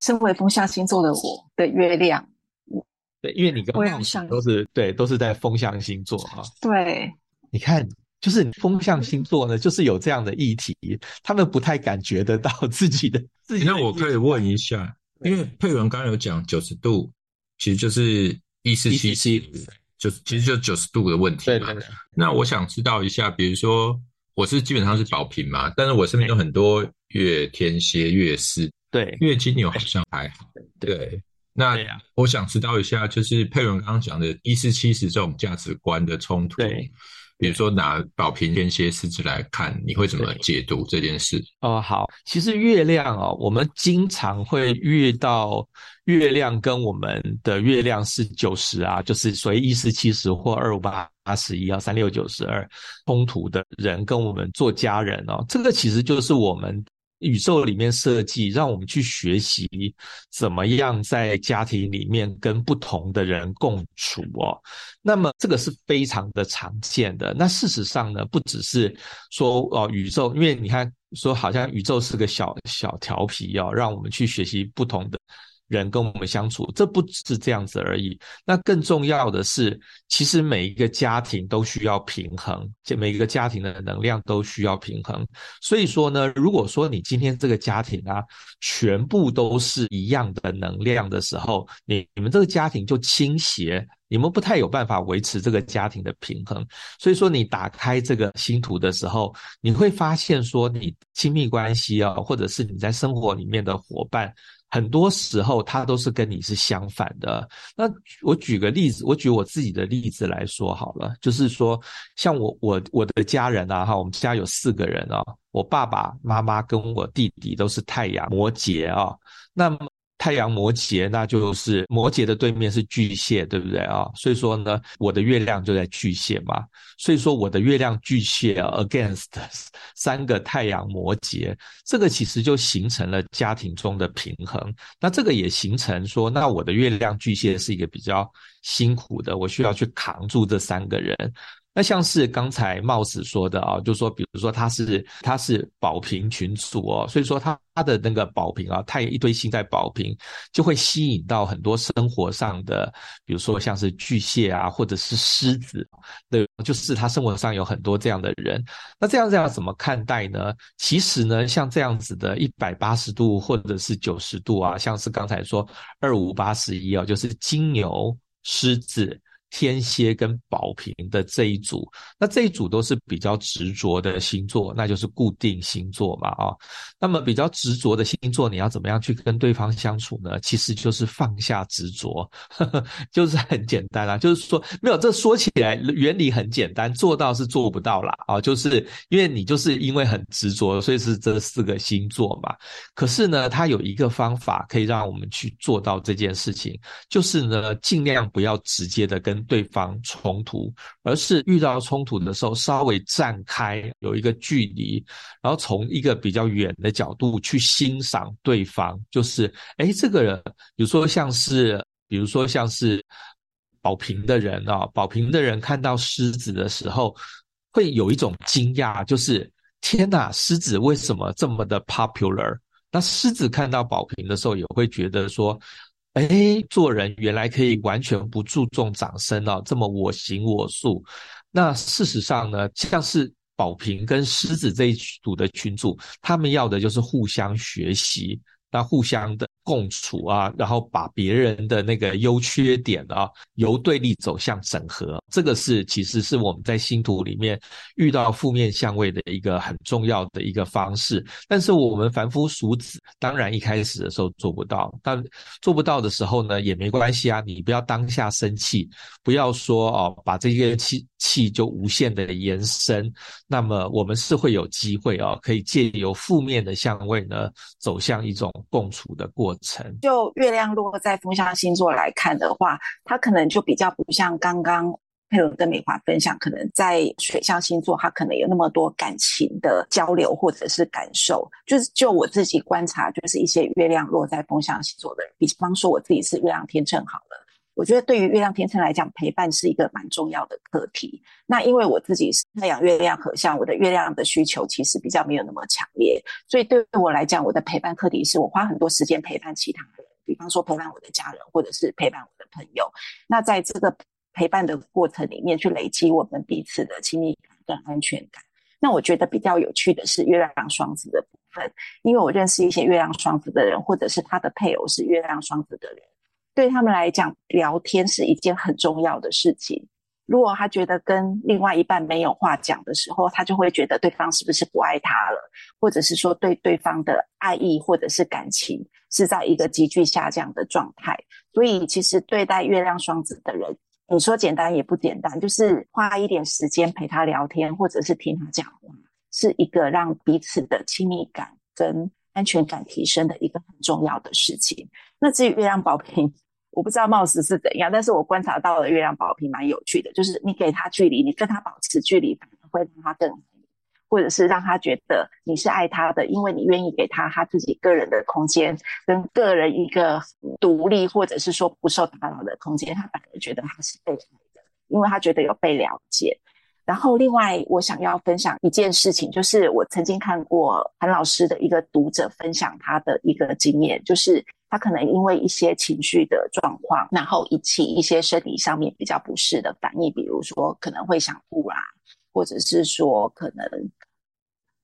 身為風象星座的我，的月亮，對，因為你跟夢都是很像，對，都是在風象星座哈、啊。對，你看，就是風象星座呢，就是有這樣的議題，他們不太感覺得到自己的。自己的欸、那我可以問一下，因為佩文剛剛有講九十度，其實就是 ECC，就其實就九十度的問題。對，對，對，那我想知道一下，比如說我是基本上是寶瓶嘛，但是我身邊有很多。月天蠍月獅，對，月金牛好像還好，對。對對，那我想知道一下，就是佩倫剛剛講的，一四七十這種價值觀的衝突，對，比如說拿寶瓶天蠍獅子來看，你會怎麼解讀這件事？哦，好，其實月亮哦，我們經常會遇到月亮跟我們的月亮是九十啊，就是所謂一四七十或二五八十一啊，三六九十二衝突的人跟我們做家人哦，這個其實就是我們。宇宙裡面設計，讓我們去學習怎麼樣在家庭裡面跟不同的人共處哦。那麼這個是非常的常見的。那事實上呢，不只是說哦，宇宙，因為你看說好像宇宙是個小小調皮哦，讓我們去學習不同的。人跟我們相處，這不只是這樣子而已。那更重要的是，其實每一個家庭都需要平衡，每一個家庭的能量都需要平衡。所以說呢，如果說你今天這個家庭啊，全部都是一樣的能量的時候，你你們這個家庭就傾斜，你們不太有辦法維持這個家庭的平衡。所以說，你打開這個星圖的時候，你會發現說，你親密關係啊，或者是你在生活裡面的夥伴。很多時候，他都是跟你是相反的。那我舉個例子，我舉我自己的例子來說好了，就是說，像我我我的家人啊，哈，我們家有四個人哦、啊，我爸爸媽媽跟我弟弟都是太陽摩羯啊，那麼。太陽摩羯，那就是摩羯的對面是巨蟹，對不對啊？所以說呢，我的月亮就在巨蟹嘛。所以說我的月亮巨蟹 against 三個太陽摩羯，這個其實就形成了家庭中的平衡。那這個也形成說，那我的月亮巨蟹是一個比較辛苦的，我需要去扛住這三個人。那像是剛才帽子說的啊，就說比如說他是他是寶瓶群主哦，所以說他他的那個寶瓶啊，他有一堆星在寶瓶，就會吸引到很多生活上的，比如說像是巨蟹啊，或者是獅子，對，就是他生活上有很多這樣的人。那這樣這樣怎麼看待呢？其實呢，像這樣子的一百八十度或者是九十度啊，像是剛才說二五八十一哦，就是金牛獅子。天蠍跟寶瓶的這一組，那這一組都是比較執着的星座，那就是固定星座嘛啊、哦。那麼比較執着的星座，你要怎麼樣去跟對方相處呢？其實就是放下執着，呵呵，就是很簡單啦、啊。就是說，沒有，這說起來原理很簡單，做到是做不到啦。啊、哦。就是因為你就是因為很執着，所以是這四個星座嘛。可是呢，它有一個方法可以讓我們去做到這件事情，就是呢，盡量不要直接的跟。對方衝突，而是遇到衝突的時候，稍微站開，有一個距離，然後從一個比較遠的角度去欣賞對方。就是，誒，這個人，比如說像是，比如說像是寶瓶的人啊、哦，寶瓶的人看到獅子的時候，會有一種驚訝，就是天哪，獅子為什麼這麼的 popular？那獅子看到寶瓶的時候，也會覺得說。哎、欸，做人原來可以完全不注重掌聲哦，這麼我行我素。那事實上呢，像是寶瓶跟獅子這一組的群主，他們要的就是互相學習，那互相的。共處啊，然後把別人的那個優缺點啊，由對立走向整合，這個是其實是我們在星圖裡面遇到負面相位的一個很重要的一個方式。但是我們凡夫俗子，當然一開始的時候做不到，但做不到的時候呢也沒關係啊，你不要當下生氣，不要說哦、啊，把這些氣氣就無限的延伸，那麼我們是會有機會哦、啊，可以借由負面的相位呢，走向一種共處的過程。就月亮落在風象星座來看的話，它可能就比較不像剛剛佩蓉跟美華分享，可能在水象星座，它可能有那麼多感情的交流或者是感受。就是就我自己觀察，就是一些月亮落在風象星座的人，比方說我自己是月亮天秤好了。我覺得對於月亮天秤來講，陪伴是一個蠻重要的課題。那因為我自己是太陽月亮合相，我的月亮的需求其實比較沒有那麼強烈，所以對我來講，我的陪伴課題是我花很多時間陪伴其他人，比方說陪伴我的家人，或者是陪伴我的朋友。那在這個陪伴的過程裡面，去累積我們彼此的親密感跟安全感。那我覺得比較有趣的是月亮雙子的部分，因為我認識一些月亮雙子的人，或者是他的配偶是月亮雙子的人。對他們來講，聊天是一件很重要的事情。如果他覺得跟另外一半沒有話講的時候，他就會覺得對方是不是不愛他了，或者是說對對方的愛意或者是感情是在一個急劇下降的狀態。所以，其實對待月亮雙子的人，你說簡單也不簡單，就是花一點時間陪他聊天，或者是聽他講話，是一個讓彼此的親密感跟安全感提升的一個很重要的事情。那至於月亮寶瓶。我不知道，貌似是怎樣，但是我觀察到了月亮寶瓶蠻有趣的，就是你給他距離，你跟他保持距離，反而會讓他更，或者是讓他覺得你是愛他的，因為你願意給他他自己個人的空間跟個人一個獨立，或者是說不受打擾的空間，他反而覺得他是被愛的，因為他覺得有被了解。然後另外，我想要分享一件事情，就是我曾經看過韓老師的一個讀者分享他的一個經驗，就是。他可能因為一些情緒的狀況，然後引起一些身體上面比較不適的反應，比如說可能會想哭啦、啊，或者是說可能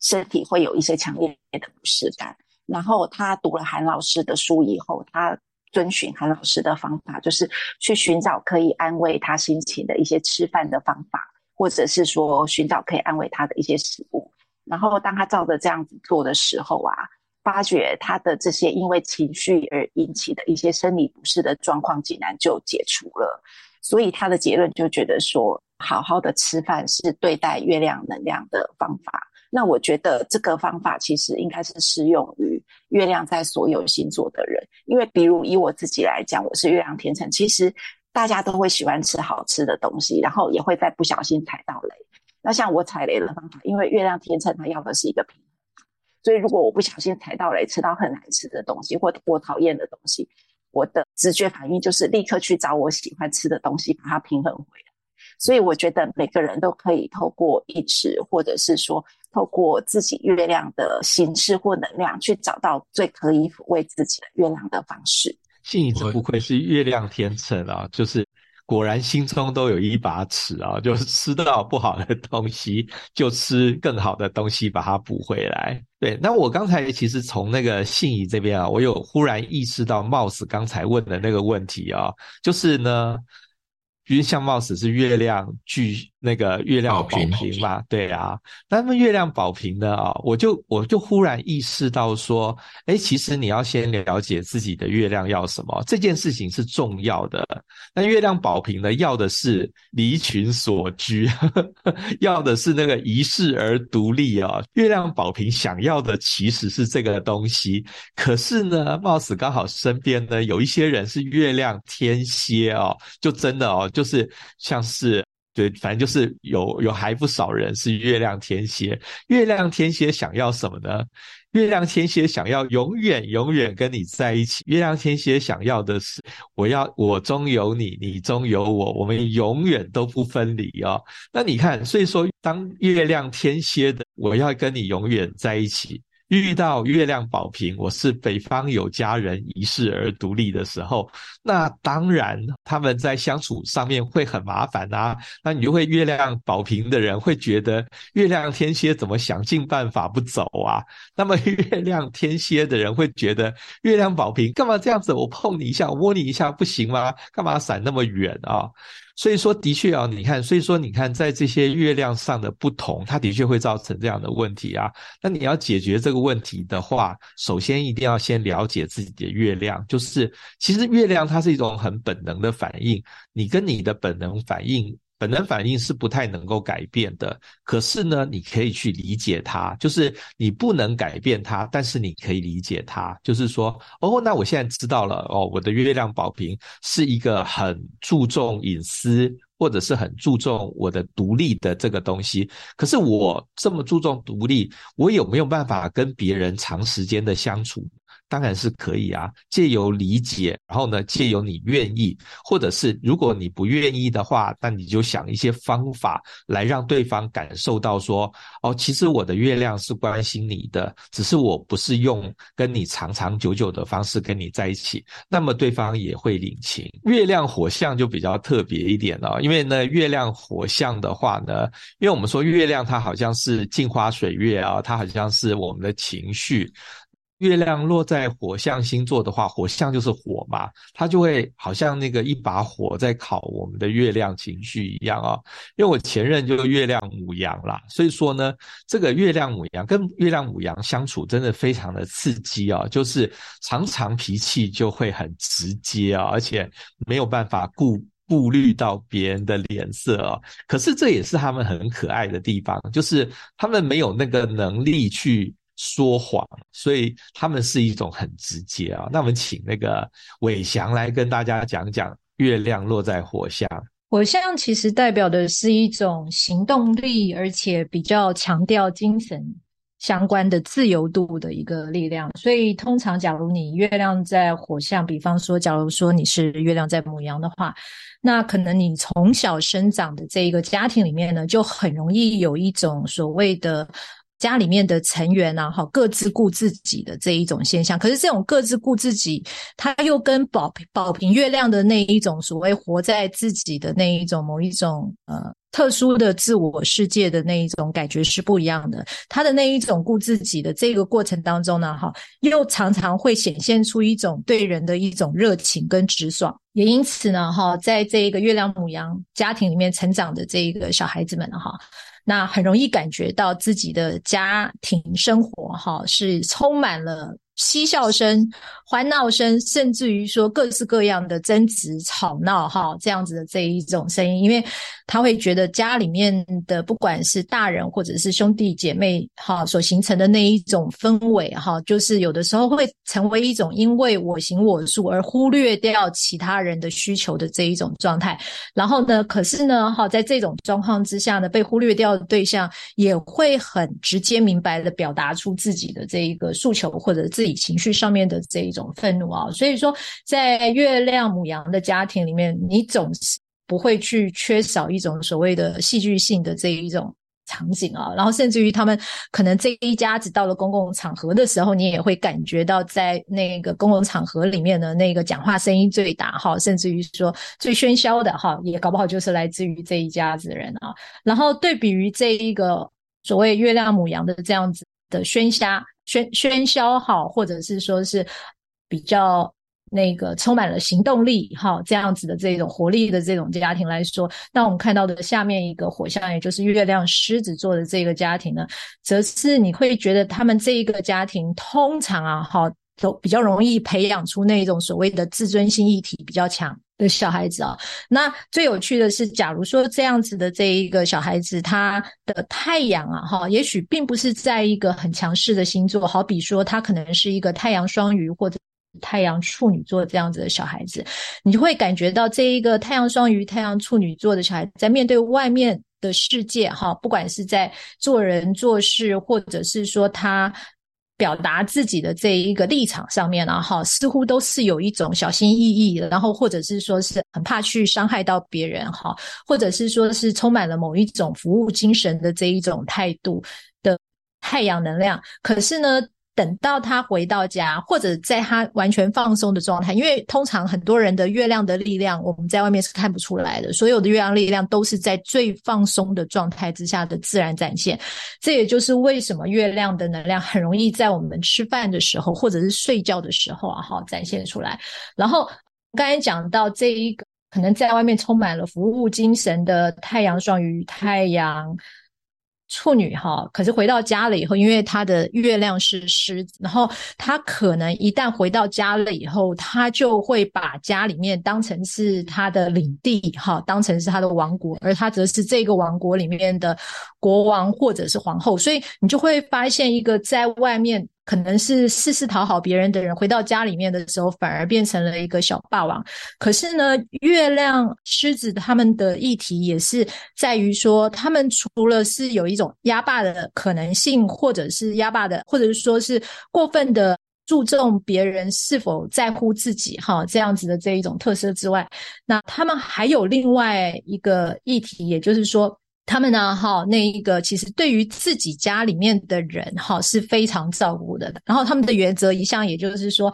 身體會有一些強烈的不適感。然後他讀了韓老師的書以後，他遵循韓老師的方法，就是去尋找可以安慰他心情的一些吃飯的方法，或者是說尋找可以安慰他的一些食物。然後當他照着這樣子做的時候啊。發覺他的這些因為情緒而引起的一些生理不適的狀況，竟然就解除了。所以他的結論就覺得說，好好的吃飯是對待月亮能量的方法。那我覺得這個方法其實應該是適用於月亮在所有星座的人，因為比如以我自己來講，我是月亮天秤，其實大家都會喜歡吃好吃的東西，然後也會在不小心踩到雷。那像我踩雷的方法，因為月亮天秤他要的是一個平衡。所以，如果我不小心踩到雷，吃到很難吃的東西，或我討厭的東西，我的直覺反應就是立刻去找我喜歡吃的東西，把它平衡回來。所以，我覺得每個人都可以透過意識，或者是說透過自己月亮的形式或能量，去找到最可以撫慰自己的月亮的方式。信宇不愧是月亮天秤啊，就是。果然心中都有一把尺啊，哦，就是吃到不好的東西，就吃更好的東西把它補回來。對，那我剛才其實從那個信儀這邊啊，我有忽然意識到，Mouse 剛才問的那個問題啊，哦，就是呢，因為像 Mouse 是月亮巨。那個月亮寶瓶嘛，對啊，那，那麼月亮寶瓶呢啊、哦，我就我就忽然意識到說，哎，其實你要先了解自己的月亮要什麼，這件事情是重要的。那月亮寶瓶呢，要的是離群索居， 要的是那個遺世而獨立哦，月亮寶瓶想要的其實是這個東西，可是呢，貌似剛好身邊呢有一些人是月亮天蠍哦，就真的哦，就是像是。對，反正就是有有還不少人是月亮天蠍。月亮天蠍想要什麼呢？月亮天蠍想要永遠永遠跟你在一起。月亮天蠍想要的是，我要我中有你，你中有我，我們永遠都不分離哦。那你看，所以說，當月亮天蠍的，我要跟你永遠在一起。遇到月亮寶瓶，我是北方有佳人遺世、而獨立的時候，那當然他們在相處上面會很麻煩啊。那你就會月亮寶瓶的人會覺得月亮天蠍怎麼想盡辦法不走啊？那麼月亮天蠍的人會覺得月亮寶瓶幹嘛這樣子？我碰你一下，我摸你一下不行嗎？幹嘛閃那麼遠啊？所以說，的確啊，你看，所以說，你看，在這些月亮上的不同，它的確會造成這樣的問題啊。那你要解決這個問題的話，首先一定要先了解自己的月亮，就是其實月亮它是一種很本能的反應，你跟你的本能反應。本能反應是不太能夠改變的，可是呢，你可以去理解它，就是你不能改變它，但是你可以理解它。就是說，哦，那我現在知道了，哦，我的月亮寶瓶是一個很注重隱私或者是很注重我的獨立的這個東西。可是我這麼注重獨立，我有沒有辦法跟別人長時間的相處？當然是可以啊，借由理解，然後呢，借由你願意，或者是如果你不願意的話，那你就想一些方法來讓對方感受到說，哦，其實我的月亮是關心你的，只是我不是用跟你長長久久的方式跟你在一起，那麼對方也會領情。月亮火象就比較特別一點哦，因為呢，月亮火象的話呢，因為我們說月亮它好像是鏡花水月啊，它好像是我們的情緒。月亮落在火象星座的話，火象就是火嘛，它就會好像那個一把火在烤我們的月亮情緒一樣啊、哦。因為我前任就是月亮牡羊啦，所以說呢，這個月亮牡羊跟月亮牡羊相處真的非常的刺激啊、哦，就是常常脾氣就會很直接啊、哦，而且沒有辦法顧顧慮到別人的臉色啊、哦。可是這也是他們很可愛的地方，就是他們沒有那個能力去。說謊，所以他們是一種很直接啊。那我們請那個偉翔來跟大家講講月亮落在火象。火象其實代表的是一種行動力，而且比較強調精神相關的自由度的一個力量。所以通常，假如你月亮在火象，比方說，假如說你是月亮在牡羊的話，那可能你從小生長的這一個家庭裡面呢，就很容易有一種所謂的。家裡面的成員啊，哈，各自顧自己的這一種現象，可是這種各自顧自己，他又跟寶瓶寶瓶月亮的那一種所謂活在自己的那一種某一種呃特殊的自我世界的那一種感覺是不一樣的。他的那一種顧自己的這個過程當中呢，哈，又常常會顯現出一種對人的一種熱情跟直爽，也因此呢，哈，在這一個月亮牡羊家庭裡面成長的這一個小孩子們，哈。那很容易感覺到自己的家庭生活，哈，是充滿了，嬉笑聲、歡鬧聲，甚至於說各式各樣的爭執、吵鬧，哈，這樣子的這一種聲音，因為他會覺得家裡面的不管是大人或者是兄弟姐妹，哈，所形成的那一種氛圍，哈，就是有的時候會成為一種因為我行我素而忽略掉其他人的需求的這一種狀態。然後呢，可是呢，哈，在這種狀況之下呢，被忽略掉的對象也會很直接、明白的表達出自己的這一個訴求或者自己。情緒上面的這一種憤怒啊、哦，所以說，在月亮牡羊的家庭裡面，你總是不會去缺少一種所謂的戲劇性的這一種場景啊、哦。然後，甚至於他們可能這一家子到了公共場合的時候，你也會感覺到在那個公共場合裡面的那個講話聲音最大哈、哦，甚至於說最喧囂的哈、哦，也搞不好就是來自於這一家子人啊。然後，對比於這一個所謂月亮牡羊的這樣子的喧囂。喧喧囂好，或者是說是比較那個充滿了行動力哈，這樣子的這種活力的這種家庭來說，那我們看到的下面一個火象，也就是月亮獅子座的這個家庭呢，則是你會覺得他們這一個家庭通常啊哈，都比較容易培養出那一種所謂的自尊心議題比較強。的小孩子啊、哦，那最有趣的是，假如說這樣子的這一個小孩子，他的太陽啊，哈，也許並不是在一個很強勢的星座，好比說他可能是一個太陽雙魚或者太陽處女座這樣子的小孩子，你就會感覺到這一個太陽雙魚、太陽處女座的小孩在面對外面的世界，哈，不管是在做人做事，或者是說他。表達自己的這一個立場上面呢，哈，似乎都是有一種小心翼翼的，然後或者是說是很怕去傷害到別人，哈，或者是說是充滿了某一種服務精神的這一種態度的太陽能量。可是呢。等到他回到家，或者在他完全放鬆的狀態，因為通常很多人的月亮的力量，我們在外面是看不出來的。所有的月亮力量都是在最放鬆的狀態之下的自然展現。這也就是為什麼月亮的能量很容易在我們吃飯的時候，或者是睡覺的時候啊，好展現出來。然後剛才講到這一個，可能在外面充滿了服務精神的太陽雙魚太陽。處女哈，可是回到家了以後，因為他的月亮是獅子，然後他可能一旦回到家了以後，他就會把家裡面當成是他的領地哈，當成是他的王國，而他則是這個王國裡面的國王或者是皇後，所以你就會發現一個在外面。可能是事事討好別人的人，回到家裡面的時候，反而變成了一個小霸王。可是呢，月亮獅子他們的議題也是在於說，他們除了是有一種壓霸的可能性，或者是壓霸的，或者是說是過分的注重別人是否在乎自己，哈，這樣子的這一種特色之外，那他們還有另外一個議題，也就是說。他們呢，哈，那一個其實對於自己家裡面的人，哈，是非常照顧的。然後他們的原則一向也就是說，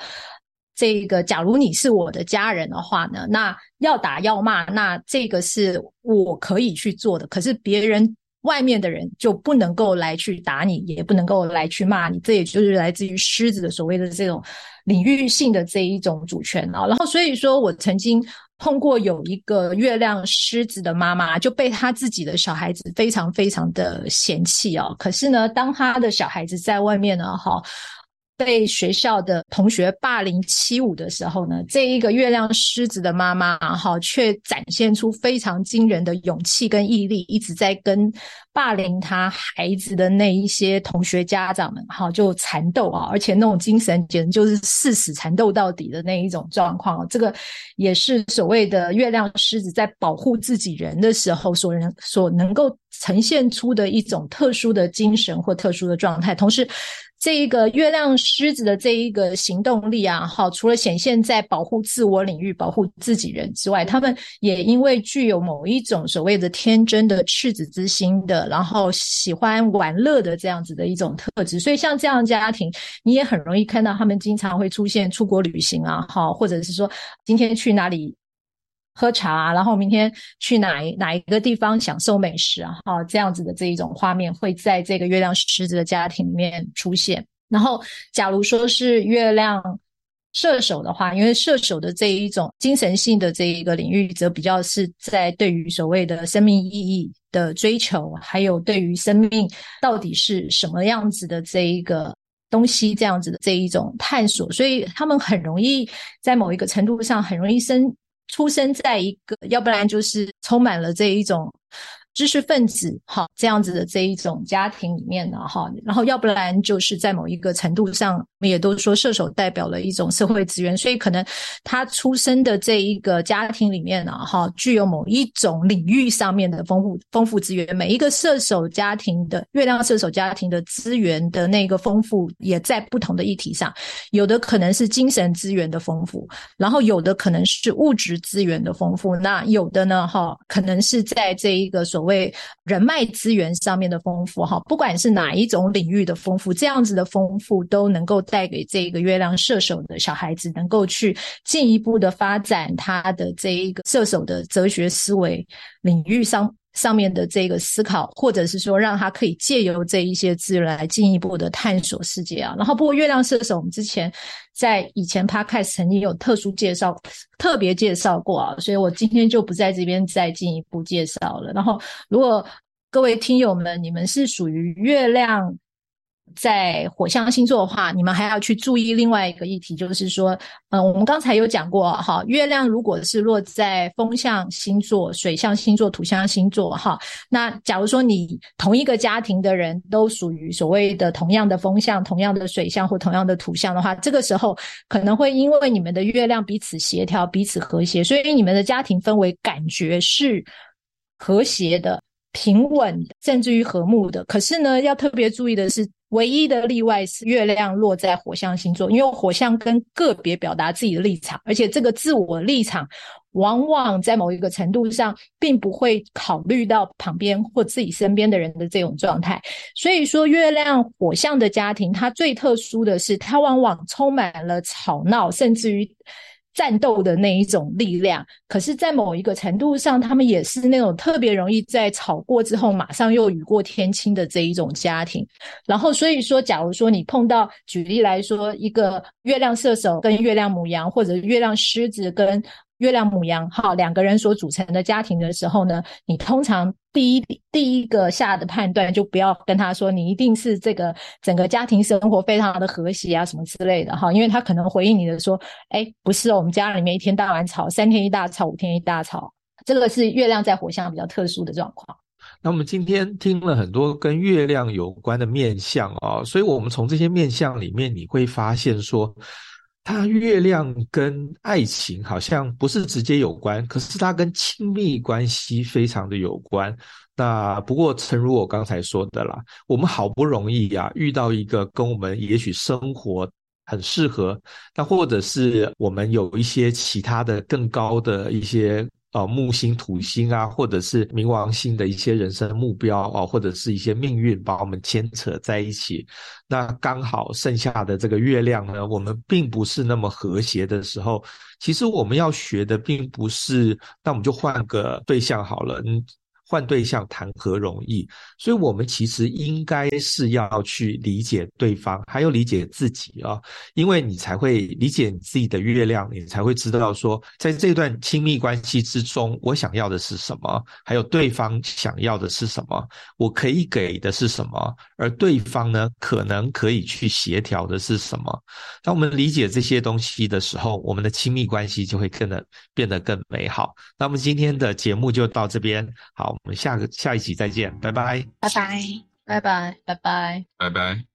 這個假如你是我的家人的話呢，那要打要罵，那這個是我可以去做的。可是別人外面的人就不能夠來去打你，也不能夠來去罵你。這也就是來自於獅子的所謂的這種領域性的這一種主權啊。然後所以說我曾經碰過有一個月亮獅子的媽媽，就被他自己的小孩子非常非常的嫌棄哦。可是呢，當他的小孩子在外面呢，哈。被學校的同學霸凌欺侮的時候呢，這一個月亮獅子的媽媽哈，卻展現出非常驚人的勇氣跟毅力，一直在跟霸凌他孩子的那一些同學家長們哈就纏鬥啊，而且那種精神簡直就是誓死纏鬥到底的那一種狀況啊。這個也是所謂的月亮獅子在保護自己人的時候所能所能夠呈現出的一種特殊的精神或特殊的狀態，同時。這一個月亮獅子的這一個行動力啊，好，除了顯現在保護自我領域、保護自己人之外，他們也因為具有某一種所謂的天真的赤子之心的，然後喜歡玩樂的這樣子的一種特質，所以像這樣的家庭，你也很容易看到他們經常會出現出國旅行啊，好，或者是說今天去哪裡喝茶，然後明天去哪一哪一個地方享受美食啊，啊，然後這樣子的這一種畫面會在這個月亮獅子的家庭裡面出現。然後，假如說是月亮射手的話，因為射手的這一種精神性的這一個領域，則比較是在對於所謂的生命意義的追求，還有對於生命到底是什麼樣子的這一個東西這樣子的這一種探索，所以他們很容易在某一個程度上很容易生。出生在一個，要不然就是充滿了這一種知識分子哈，這樣子的這一種家庭裡面呢，哈，然後要不然就是在某一個程度上，也都說射手代表了一種社會資源，所以可能他出生的這一個家庭裡面呢，哈，具有某一種領域上面的豐富豐富資源。每一個射手家庭的月亮射手家庭的資源的那個豐富，也在不同的議題上，有的可能是精神資源的豐富，然後有的可能是物質資源的豐富，那有的呢，哈，可能是在這一個所謂，為人脈資源上面的豐富，哈，不管是哪一種領域的豐富，這樣子的豐富都能夠帶給這個月亮射手的小孩子，能夠去進一步的發展他的這一個射手的哲學思維領域上。上面的這個思考，或者是說讓他可以借由這一些資源來進一步的探索世界啊。然後，不過月亮射手，我們之前在以前 Podcast 曾經有特殊介紹、特別介紹過啊，所以我今天就不在這邊再進一步介紹了。然後，如果各位聽友們，你們是屬於月亮。在火象星座的話，你們還要去注意另外一個議題，就是說，嗯，我們剛才有講過，哈，月亮如果是落在風象星座、水象星座、土象星座，哈，那假如說你同一個家庭的人都屬於所謂的同樣的風象、同樣的水象或同樣的土象的話，這個時候可能會因為你們的月亮彼此協調、彼此和諧，所以你們的家庭氛圍感覺是和諧的、平穩的，甚至於和睦的。可是呢，要特別注意的是。唯一的例外是月亮落在火象星座，因為火象跟個別表達自己的立場，而且這個自我的立場往往在某一個程度上，並不會考慮到旁邊或自己身邊的人的這種狀態。所以說，月亮火象的家庭，它最特殊的是，它往往充滿了吵鬧，甚至於。戰鬥的那一種力量，可是，在某一個程度上，他們也是那種特別容易在吵過之後，馬上又雨過天晴的這一種家庭。然後，所以說，假如說你碰到，舉例來說，一個月亮射手跟月亮牡羊，或者月亮獅子跟月亮牡羊，好，兩個人所組成的家庭的時候呢，你通常。第一第一個下的判斷就不要跟他說，你一定是這個整個家庭生活非常的和諧啊，什麼之類的哈，因為他可能回應你的說，誒、欸，不是哦，我們家裡面一天到晚吵，三天一大吵，五天一大吵，這個是月亮在火象比較特殊的狀況。那我們今天聽了很多跟月亮有關的面向啊、哦，所以我們從這些面向裡面，你會發現說，它月亮跟愛情好像不是直接有關，可是它跟親密關係非常的有關。那不過，誠如我剛才說的啦，我們好不容易呀、啊、遇到一個跟我們也許生活很適合，那或者是我們有一些其他的更高的一些。哦，木星、土星啊，或者是冥王星的一些人生目標啊，哦，或者是一些命運，把我們牽扯在一起。那剛好剩下的這個月亮呢，我們並不是那麼和諧的時候，其實我們要學的並不是，那我們就換個對象好了。換對象談何容易，所以我們其實應該是要去理解對方，還有理解自己啊、哦，因為你才會理解你自己的月亮，你才會知道說，在這段親密關係之中，我想要的是什麼，還有對方想要的是什麼，我可以給的是什麼，而對方呢，可能可以去協調的是什麼。當我們理解這些東西的時候，我們的親密關係就會變得變得更美好。那我們今天的節目就到這邊，好。我們下個下一集再見，拜拜，拜拜，拜拜，拜拜，拜拜。拜拜。